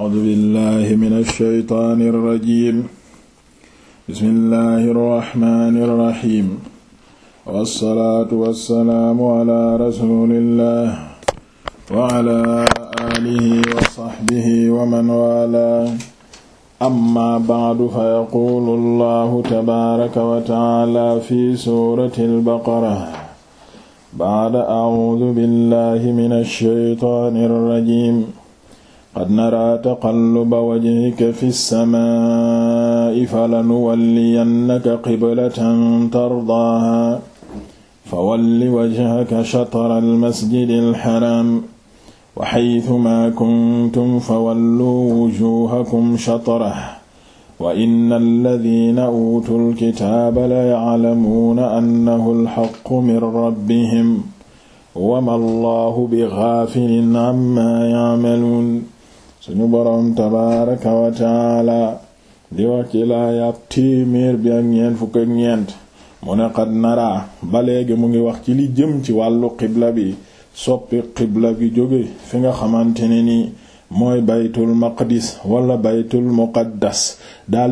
A'uuzu billaahi mina shaytaani rajiim bismillaahi rahmaani rahiim wassalaatu wassalaamu alaa rasuulillaah wa alaa aalihi wa sahbihi wa man waalaa amma ba'du fa yaquulu Allaahu tabaaraka wa ta'aalaa fi suuratil baqara ba'da a'uuzu billaahi mina shaytaani rajiim qad naraa taqalluba wajhika fi ssamaa'i falanuwalliyannaka qiblatan tardaahaa fawalli wajhaka shatra almasjidi alxaraam wa xaytumaa kuntum fawalluu wujuuhakum shatrahu wa inna alladiina uutul kitaaba laya'lamuuna annahu alxaqqu min rabbihim wa maa allaahu bigaafilin ammaa ya'maluun suñu boroom tabaaraka wa di wax ci laayaab téeméer bi ak ñeent fukk ak ñeent mu ne xat naraa ba léegi mu ngi wax ci li jëm ci wàllu xibla bi soppi xibla bi jóge fi nga xamante ne nii mooy baytul maqdis wala baytul muqaddas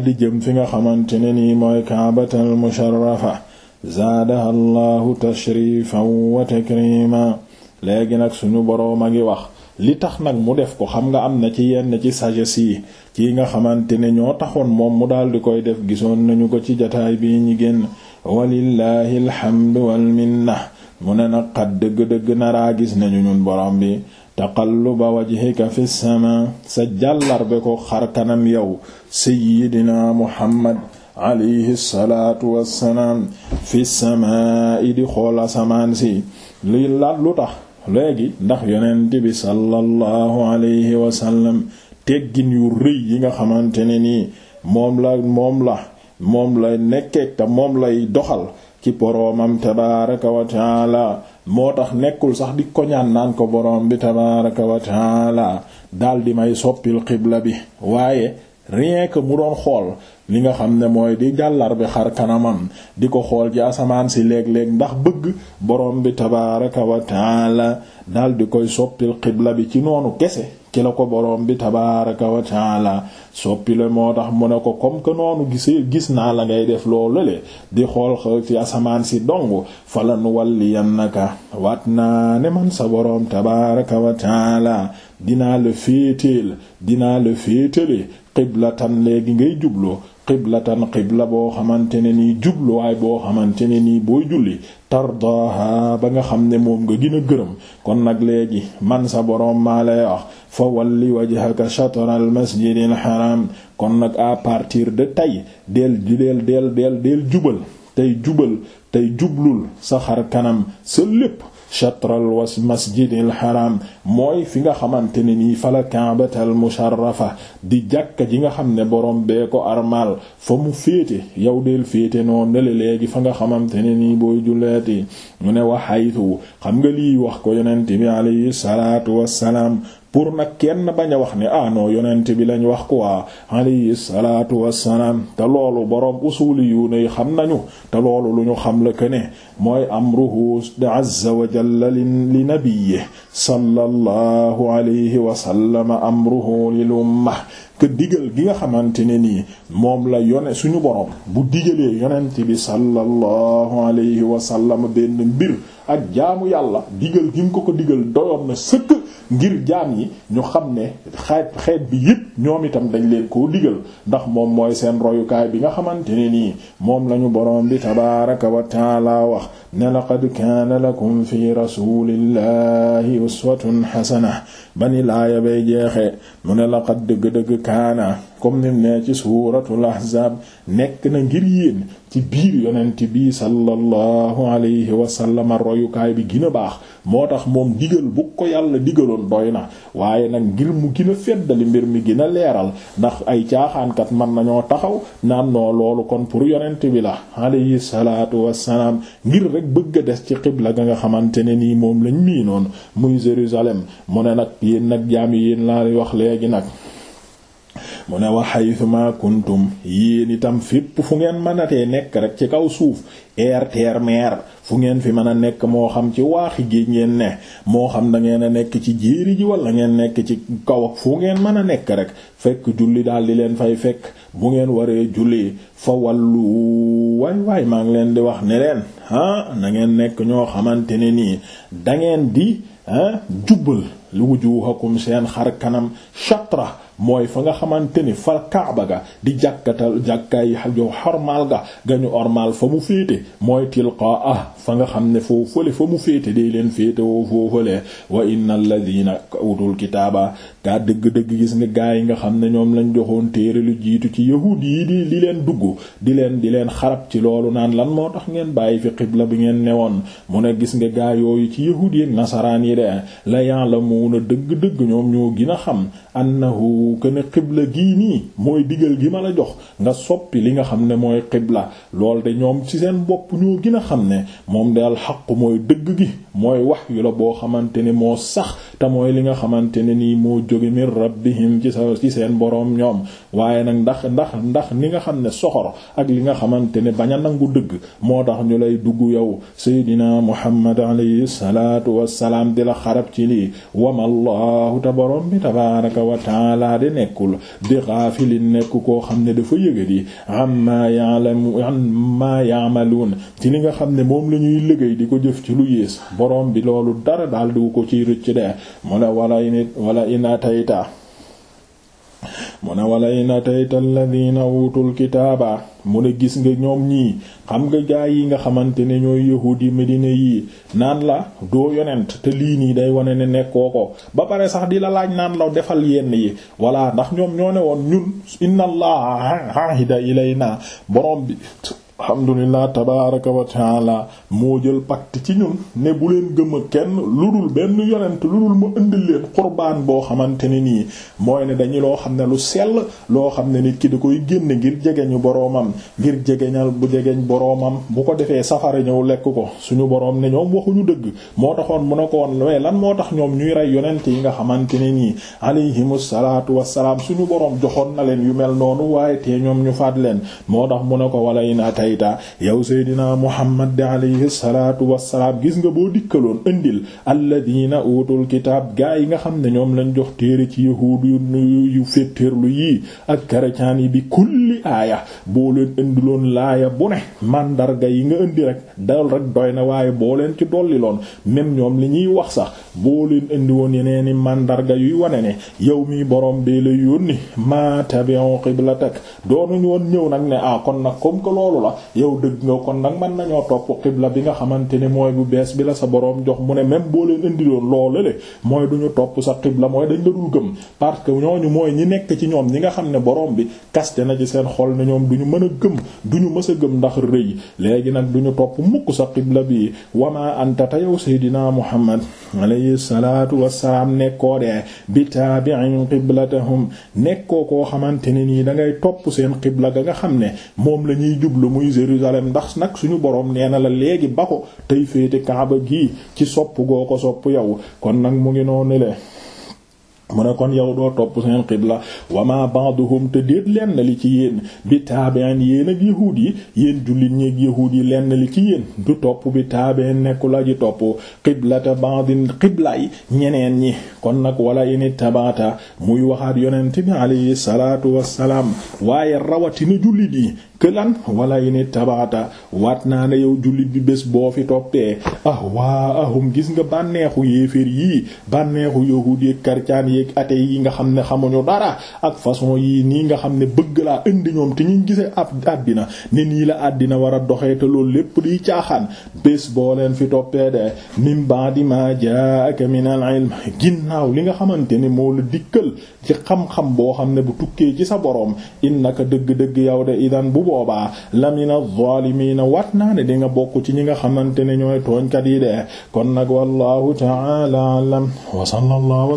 di jëm fi nga xamante ne nii mooy kaabatal musharrafa zaadaha allahu tashrifan wa léegi nag suñu boroom a ngi wax li tax nag mu def ko xam nga am na ci yenn ci sagesse si ci nga xamante ne ñoo taxoon moom mu daal di koy def gisoon nañu ko ci jataay bii ñi génn walillahi alhamdu wal minna mu ne nag xat dëgg-dëgg nara gis nañu ñun borom bi taqalluba wajhika fi sama sa jàllarbe ko xar kanam yow sayyidina muhammad alayhi salaatu wassalaam fi sama di xool asamaan si li la lu tax léegi ndax yonent bi sallallahu alayhi wasallam teggin yu rëy yi nga xamante ne nii moom la moom la moom lay nekkee te moom lay doxal ci boroomam tabaaraka wa taala moo tax nekkul sax di koñaan naan ko boroom bi tabaaraka wa dal di may soppil xibla bi waaye rien que mu doon xool li nga xam ne mooy di jàllar bi xar kanamam di ko xool ci asamaan si léeg-léeg ndax bëgg boroom bi tabaaraka wa taala dal di koy soppil xibla bi ci noonu kese ci la ko boroom bi tabaaraka la soppile moo tax mu ne ko comme que noonu gisee gis naa la ngay def loolu le di xool ci asamaan si dong falan walliyannaka waat naa ne man sa borom tabaaraka wa taala dinaa la féeteel dinaa la féetale qiblatan léegi ngay jubloo qiblatan qibla boo xamante ne ni jubluwaay boo xamante ne nii booy julli tardaha ba nga xam ne moom nga gën a gërëm kon nag léegi man sa borom maa lay wax fa walli wajhaka shatr al masjidil haram kon nag à partir de tey del del del del jubal tey jubal tey jublul sa xar kanam sa lépp shatral was masjidil haram mooy fi nga xamante ne nii fala kaabatal musharrafa di jàkka ji nga xam ne borom bee ko armal fa mu féete yow del féete noonu ne léegi fa nga xamante ne nii booy julleeti mu ne wa haytu xam nga lii wax ko yonent bi alayhi salaatu wassalaam pour na kenn bañ a wax ne ah non yonent bi lañ wax ko waa alayhi salaatu wassalaam te loolu boroom usuli yu ne xam nañu te loolu lu ñu xam la que ne mooy amruhu azza wa jalla li nabiyyi sallallahu alayhi wa sallam amruhu lil umma que digal gi nga xamante ne nii moom la yone suñu boroom bu digalee yonent bi sallallahu alayhi wa sallam benn mbir ak jaamu yàlla digal gi mu ko digal doyoon na sëkk ngir jaam yi ñu xam ne xeet xeet bi yëpp ñoom itam dañ leen koo digal ndax moom mooy seen royukaay bi nga xamante ne nii moom lañu boroom bi tabaaraka wa taala wax ne laqad kaana lakum fi rasulillahi uswatun xasana bani laaya bay jeexee mu ne laqad dëgg-dëgg kaana comme nim nee ci suuratul ahzaab nekk na ngir yéen ci biir yonent bi sallallahu alayhi wa sallam royukaay bi gën baax moo tax moom digal bu ko yàlla digal digaloon doy na waaye nag ngir mu gën a feddali mbir mi gina leeral ndax ay caaxaankat mën nañoo taxaw naan noo loolu kon pour yonent bi la alayhi salaatu wassalaam ngir rek bëgg a des ci xibla ga nga xamante ne nii moom lañ mii noonu muy Jérusalem mu ne nag yéen nag jaam yi yéen laa wax léegi nag mu ne wa haythuma kuntum yéen itam fépp fu ngeen mënatee nekk rek ci kaw suuf air terre mer fu ngeen fi mën a nekk moo xam ci waaxi géej ngeen ne moo xam da ngeen a nekk ci jéeri ji wala ngeen nekk ci kaw ak fu ngeen mën a nekk rek fekk julli daal di leen fay fekk bu ngeen waree julli fa wàllu waay waay maa ngi leen di wax ne leen ah na ngeen nekk ñoo xamante ne nii dangeen ngeen di ah jubbal lu wujuhakum seen xar kanam shatra mooy fa nga xamante ni fa kaaba ga di jàkkatal jàkkaay yow xormaal ga gañu ormaal fa mu féete mooy tilqaa ah fa nga xam ne foo fële fa mu féete day leen féete woo foo fële wa inna alladina utul kitaaba gaa dëgg-dëgg gis nga gaa yi nga xam ne ñoom lañ joxoon téere lu jiitu ci yahuud yi di li leen dugg di leen di leen xarab ci loolu naan lan moo tax ngeen bàyyi fi xibla bi ngeen newoon mu ne gis nga gaa yooyu ci yahuud yi nasaraan yi de la ya'lamuna dëgg-dëgg ñoom ñoo gën a xam wu que ne xibla gii nii mooy digal gi ma la jox nga soppi li nga xam ne mooy xibla lool de ñoom ci seen bopp ñoo gën a xam ne moom daal xaqu mooy dëgg gi mooy wax yu la boo xamante ne moo sax te mooy li nga xamante ne nii moo jóge min rabbihim ci sa ci seen boroom ñoom waaye nag ndax ndax ndax ni nga xam ne soxor ak li nga xamante ne bañ a nangu dëgg moo tax ñu lay dugg yow seydina muhammad alayhi salaatu wassalaam di la xarab ci lii wama allahu ta boroom naa de nekkul di xaafilin nekk koo xam ne dafa yëgat yi amma ya'lamu amma ya'malun ci li nga xam ne moom la ñuy liggéey di ko jëf ci lu yées borom bi loolu dara daal di ko ci rëcc de mu ne wala in wala in mu ne wala in atayta alladina utul kitaaba mu ne gis nga ñoom ñii xam nga gaay yi nga xamante ne ñooy yahuud yi Medina yii naan la doo yonent te lii nii day wane ne nekkoo ko ba pare sax di la laaj naan la defal yenn yi voilà ndax ñoom ñoo ne woon ñun inna allaha ahida ilayna borom bi alhamdulillah tabaraka wa taala moo jël pacte ci ñun ne bu leen gëma kenn lu dul benn yonent lu dul mu indil leen qurbaan boo xamante ne nii mooy ne dañu loo xam ne lu sell loo xam ne nit ki da koy génne ngir jegeñu boroomam ngir jegeñal bu jegeñ boroomam bu ko defee safara ñëw lekk ko suñu boroom ne ñoom waxuñu dëgg moo taxoon mu ne ko woon waaye lan moo tax ñoom ñuy rey yonent yi nga xamante ne nii alayhimu salaatu wassalaam suñu boroom joxoon na leen yu mel noonu waaye te ñoom ñu faat leen moo tax mu ne ko wala inata atayta yow seydina muhammad de alayhi salaatu wassalaam gis nga boo dikkaloon indil alladina utul kitaab gaa yi nga xam ne ñoom lañ jox téere ci yahuud yu yu féttéerlu yii ak karacaan yi bi kulli aaya boo leen indiloon laaya bu ne màndarga yi nga indi rek dal rek doy na waaye boo leen ci dolli loon ñoom li ñuy wax sax boo leen indi woon yeneeni màndarga yuy wane ne yow mi borom bee la yónni ma tabi'u qiblatak doonuñu woon ñëw nag ne ah kon nag comme que yow dëgg nga kon nag mën nañoo topp xibla bi nga xamante ne mooy bu bees bi la sa boroom jox mu ne même boo leen indiloon loolale mooy du ñu topp sa xibla mooy dañ la dul gëm parce que ñooñu mooy ñi nekk ci ñoom ñi nga xam ne boroom bi kaste na ci seen xol ne du ñu mën a gëm du mës a gëm ndax rëy léegi nag du ñu topp mukk sa xibla bi wama anta ta yow seydina muhammad alayhi salaatu wassalaam nekkoo dee bi taabi'in qiblatahum nekkoo koo xamante ne nii da ngay topp seen xibla ga nga xam ne moom la ñuy jublu muy muy Jérusalem ndax nag suñu boroom nee na la léegi ba ko tey féete Kaaba gi ci sopp goo ko sopp yow kon nag mu ngi noonu le mu ne kon yow doo topp seen xibla wama ba'duhum te déet lenn li ci yéen bi taabeen yéen ak yi yéen jullit ñi ak yahuud yi lenn li ci yéen du topp bi taabeen nekkul a ji topp xiblata ba'din xiblaay ñeneen ñi kon nag wala ini tabaata muy waxaat yonent bi alayhi salaatu wassalaam waaye rawatina jullit yi këlan wala ini tabaata waat naa ne yow jullit bi bés boo fi toppee ah waa ahum gis nga bànneexu yéeféer yii bànneexu yahuud yi karcaan yeeg ate yi nga xam ne xamuñu dara ak façon yii nii nga xam ne bëgg laa indi ñoom te ñu gisee ab àddina ne nii la àddina war a doxee te loolu lépp di caaxaan bés boo leen fi toppee de min ba'di ma jaa'aka min al-ilm ginnaaw li nga xamante ne moo la dikkal ci xam-xam boo xam ne bu tukkee ci sa boroom innaka dëgg-dëgg yow de idan bu boobaa lamina zaalimiina wat naa ne di nga bokk ci ñi nga xamante ne ñooy tooñkat yi de kon nag wallahu ta'ala a'lam wa sallallahu